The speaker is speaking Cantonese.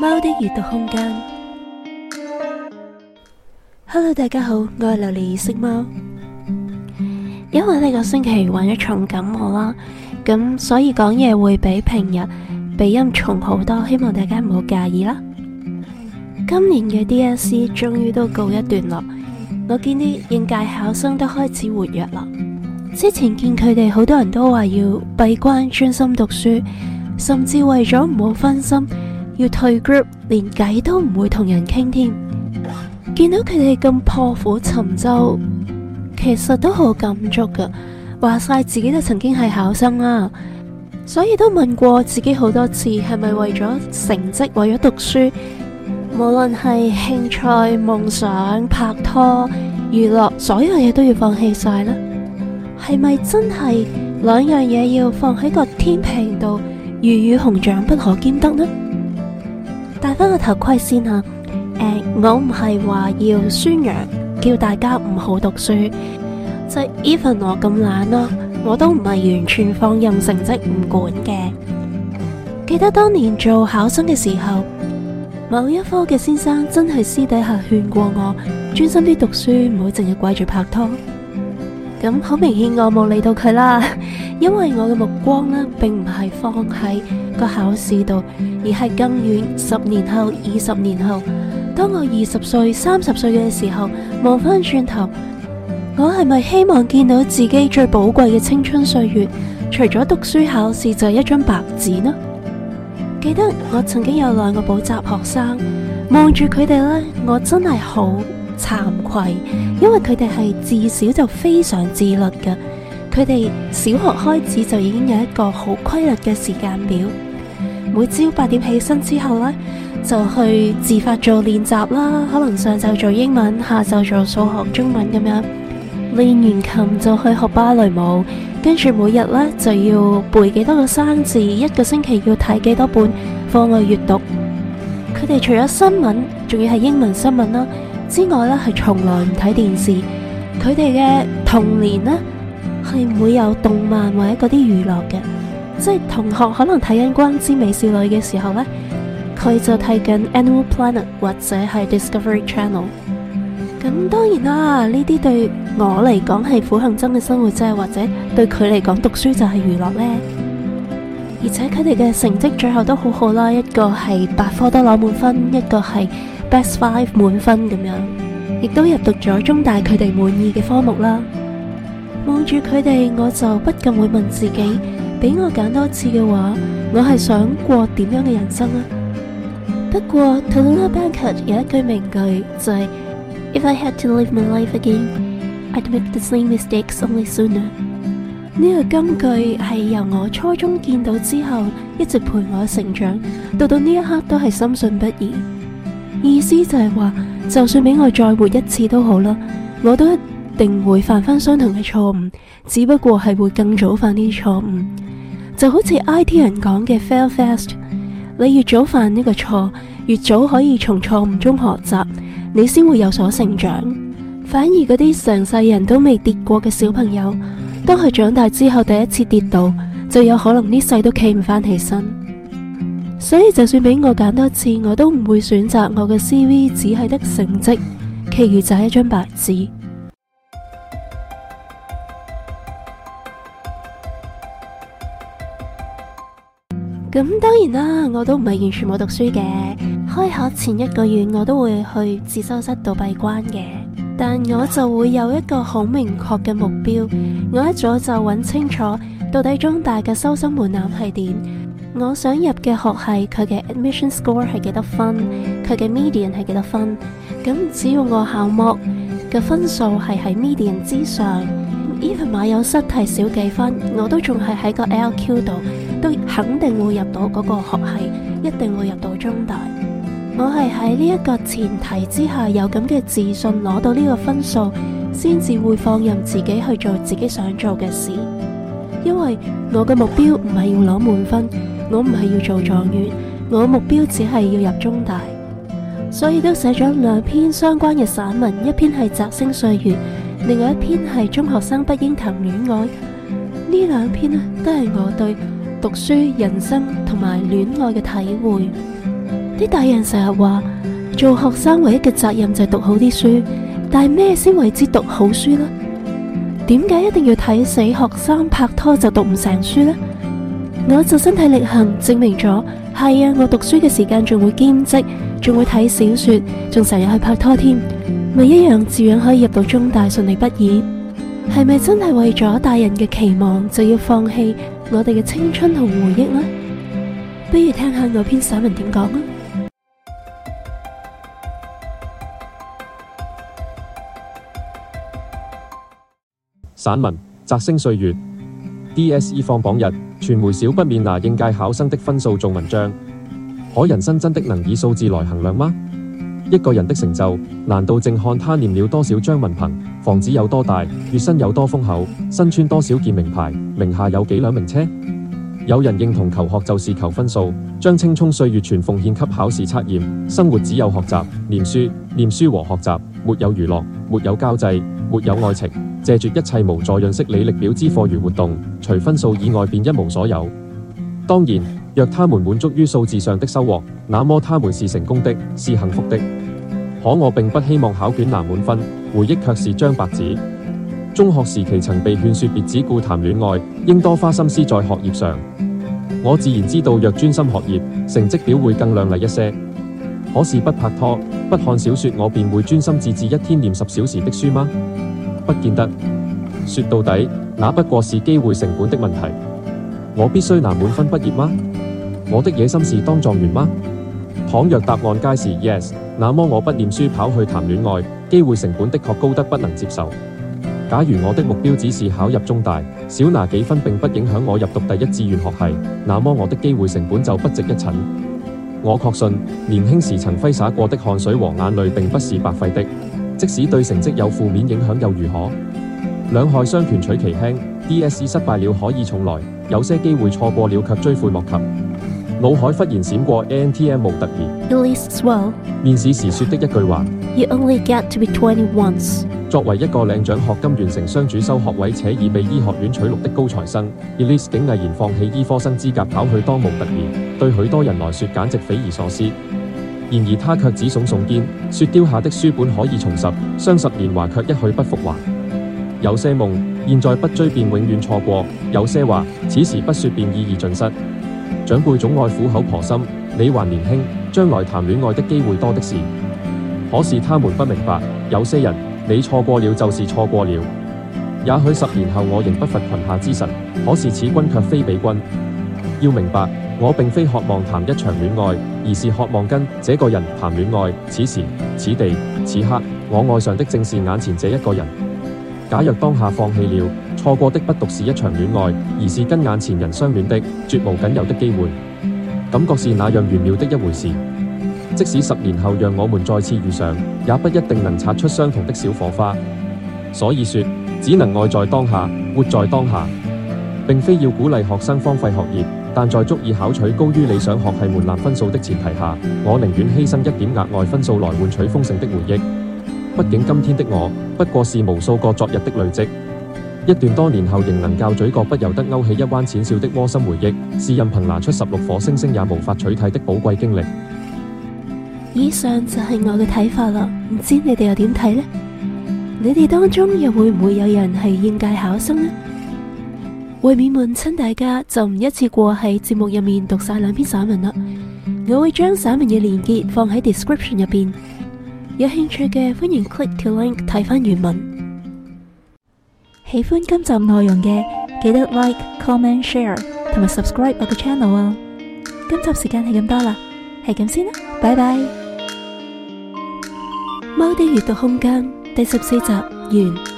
貓的閱讀空間，Hello，大家好，我係琉璃異色貓。因為呢個星期患咗重感冒啦，咁所以講嘢會比平日鼻音重好多，希望大家唔好介意啦。今年嘅 DSE 終於都告一段落，我見啲應屆考生都開始活躍啦。之前見佢哋好多人都話要閉關專心讀書，甚至為咗唔好分心。要退 group，連偈都唔會同人傾添。見到佢哋咁破釜沉舟，其實都好感觸噶。話晒自己都曾經係考生啦，啊，所以都問過自己好多次，係咪為咗成績，為咗讀書，無論係興趣、夢想、拍拖、娛樂，所有嘢都要放棄晒呢？係咪真係兩樣嘢要放喺個天平度，魚與熊掌不可兼得呢？戴翻個頭盔先啊！誒、呃，我唔係話要宣揚叫大家唔好讀書，就即係 even 我咁懶咯，我都唔係完全放任成績唔管嘅。記得當年做考生嘅時候，某一科嘅先生真係私底下勸過我，專心啲讀書，唔好淨係掛住拍拖。咁好明顯我冇理到佢啦。因為我嘅目光呢，並唔係放喺個考試度，而係更遠，十年後、二十年後，當我二十歲、三十歲嘅時候，望返轉頭，我係咪希望見到自己最寶貴嘅青春歲月，除咗讀書考試，就係一張白紙呢？記得我曾經有兩個補習學生，望住佢哋呢，我真係好慚愧，因為佢哋係自小就非常自律嘅。佢哋小學開始就已經有一個好規律嘅時間表，每朝八點起身之後呢，就去自發做練習啦。可能上晝做英文，下晝做數學、中文咁樣。練完琴就去學芭蕾舞，跟住每日呢就要背幾多個生字，一個星期要睇幾多本課外閱讀。佢哋除咗新聞，仲要係英文新聞啦之外呢，係從來唔睇電視。佢哋嘅童年呢。係唔會有動漫或者嗰啲娛樂嘅，即係同學可能睇緊《光之美少女》嘅時候呢，佢就睇緊 Animal Planet 或者係 Discovery Channel。咁當然啦，呢啲對我嚟講係苦行僧嘅生活，即係或者對佢嚟講讀書就係娛樂呢。而且佢哋嘅成績最後都好好啦，一個係百科都攞滿分，一個係 Best Five 滿分咁樣，亦都入讀咗中大佢哋滿意嘅科目啦。望住佢哋，我就不禁會問自己：俾我揀多次嘅話，我係想過點樣嘅人生啊？不過，Tallulah Bankhead 有一句名句就係，If I had to live my life again，I'd make the same mistakes only sooner。呢個金句係由我初中見到之後，一直陪我成長，到到呢一刻都係深信不疑。意思就係話，就算俾我再活一次都好啦，我都定會犯返相同嘅錯誤，只不過係會更早犯啲錯誤，就好似 IT 人講嘅 fail fast。你越早犯呢個錯，越早可以從錯誤中學習，你先會有所成長。反而嗰啲成世人都未跌過嘅小朋友，當佢長大之後第一次跌到，就有可能呢世都企唔返起身。所以就算俾我揀多次，我都唔會選擇我嘅 CV 只係得成績，其餘就係一張白紙。咁當然啦，我都唔係完全冇讀書嘅。開學前一個月，我都會去自修室度閉關嘅。但我就會有一個好明確嘅目標，我一早就揾清楚到底中大嘅收生門檻係點。我想入嘅學系佢嘅 admission score 係幾多分，佢嘅 median 係幾多分。咁只要我考目嘅分數係喺 median 之上，even 馬有失蹄少幾分，我都仲係喺個 LQ 度。都肯定會入到嗰個學系，一定會入到中大。我係喺呢一個前提之下，有咁嘅自信攞到呢個分數，先至會放任自己去做自己想做嘅事。因為我嘅目標唔係要攞滿分，我唔係要做狀元，我目標只係要入中大。所以都寫咗兩篇相關嘅散文，一篇係《擇星歲月》，另外一篇係《中學生不應談戀愛》。呢兩篇咧，都係我對。讀書、人生同埋戀愛嘅體會，啲大人成日話做學生唯一嘅責任就係讀好啲書，但係咩先為之讀好書呢？點解一定要睇死學生拍拖就讀唔成書呢？我就身體力行證明咗。係啊，我讀書嘅時間仲會兼職，仲會睇小說，仲成日去拍拖添，咪一樣照樣可以入到中大順利畢業。係咪真係為咗大人嘅期望就要放棄我哋嘅青春同回憶呢？不如聽下我篇散文點講啊！散文：摘星歲月。DSE 放榜日，傳媒少不免拿應屆考生的分數做文章，可人生真的能以數字來衡量嗎？一個人的成就，難道正看他念了多少張文憑，房子有多大，月薪有多豐厚，身穿多少件名牌，名下有幾輛名車？有人認同求學就是求分數，將青蔥歲月全奉獻給考試測驗，生活只有學習、念書、念書和學習，沒有娛樂，沒有交際，沒有愛情，謝絕一切無助潤飾履歷表之課餘活動，除分數以外便一無所有。當然。若他們滿足於數字上的收穫，那麼他們是成功的，是幸福的。可我並不希望考卷拿滿分，回憶卻是張白紙。中學時期曾被勸說別只顧談戀愛，應多花心思在學業上。我自然知道若專心學業，成績表會更亮麗一些。可是不拍拖、不看小說，我便會專心致志一天念十小時的書嗎？不見得。說到底，那不過是機會成本的問題。我必須拿滿分畢業嗎？我的野心是當狀元嗎？倘若答案皆是 yes，那麼我不念書跑去談戀愛，機會成本的確高得不能接受。假如我的目標只是考入中大，少拿幾分並不影響我入讀第一志願學系，那麼我的機會成本就不值一哂。我確信年輕時曾揮灑過的汗水和眼淚並不是白費的，即使對成績有負面影響又如何？兩害相權取其輕，DSE 失敗了可以重來，有些機會錯過了卻追悔莫及。腦海忽然閃過 ANTM 模特兒，Elyse Sewell 面試時說的一句話。You only get to be twenty once。作為一個領獎學金完成雙主修學位且已被醫學院取錄的高材生，Elyse 竟毅然放棄醫科生資格跑去當模特兒，對許多人來說簡直匪夷所思。然而他卻只聳聳肩，說丟下的書本可以重拾，雙十年華卻一去不復還。有些夢現在不追便永遠錯過，有些話此時不說便意義盡失。長輩總愛苦口婆心，你還年輕，將來談戀愛的機會多的是。可是他們不明白，有些人你錯過了就是錯過了。也許十年後我仍不乏裙下之臣，可是此君卻非彼君。要明白，我並非渴望談一場戀愛，而是渴望跟這個人談戀愛。此時此地此刻，我愛上的正是眼前這一個人。假若當下放棄了，錯過的不獨是一場戀愛，而是跟眼前人相戀的絕無僅有的機會。感覺是那樣玄妙的一回事，即使十年後讓我們再次遇上，也不一定能擦出相同的小火花。所以說，只能愛在當下，活在當下，並非要鼓勵學生荒廢學業，但在足以考取高於理想學系門檻分數的前提下，我寧願犧牲一點額外分數來換取豐盛的回憶。畢竟今天的我，不過是無數個昨日的累積。一段多年後仍能教嘴角不由得勾起一彎淺笑的窩心回憶，是任憑拿出十六顆星星也無法取替的寶貴經歷。以上就係我嘅睇法啦，唔知你哋又點睇呢？你哋當中又會唔會有人係應屆考生呢？為免悶親大家，就唔一次過喺節目入面讀晒兩篇散文啦。我會將散文嘅連結放喺 description 入邊。有興趣嘅，歡迎 click the link 睇返原文。喜歡今集內容嘅，記得 like、comment、share 同埋 subscribe 我嘅 channel 啊！今集時間係咁多啦，係咁先啦，拜拜。貓的閱讀空間第十四集完。